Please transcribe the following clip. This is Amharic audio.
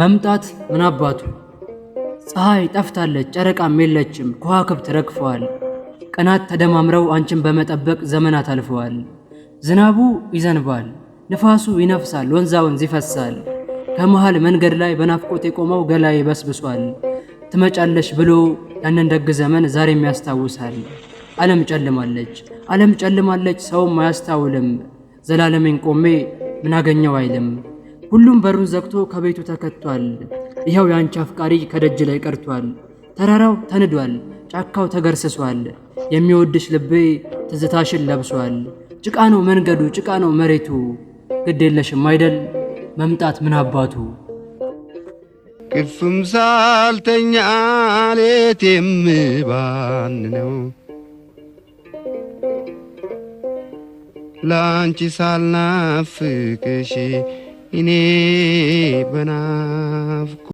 መምጣት ምን አባቱ ፀሐይ ጠፍታለች፣ ጨረቃም የለችም፣ ከዋክብት ረግፈዋል። ቀናት ተደማምረው አንቺን በመጠበቅ ዘመናት አልፈዋል። ዝናቡ ይዘንባል፣ ንፋሱ ይነፍሳል፣ ወንዛ ወንዝ ይፈሳል። ከመሃል መንገድ ላይ በናፍቆት የቆመው ገላ ይበስብሷል። ትመጫለሽ ብሎ ያንን ደግ ዘመን ዛሬም ያስታውሳል። ዓለም ጨልማለች፣ ዓለም ጨልማለች፣ ሰውም አያስታውልም። ዘላለሜን ቆሜ ምን አገኘው አይልም። ሁሉም በሩን ዘግቶ ከቤቱ ተከቷል። ይኸው የአንቺ አፍቃሪ ከደጅ ላይ ቀርቷል። ተራራው ተንዷል፣ ጫካው ተገርስሷል። የሚወድሽ ልቤ ትዝታሽን ለብሷል። ጭቃ ነው መንገዱ፣ ጭቃ ነው መሬቱ። ግድ የለሽም አይደል መምጣት ምን አባቱ። ቅልሱም ሳልተኛ ሌት የምባን ነው ለአንቺ ሳልናፍቅሽ እኔ በናፍቆ